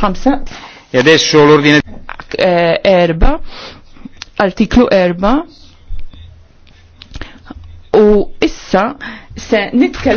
Hamsa. E adesso l'ordine. Eh, erba. Artiklu erba. U issa se nitkellem.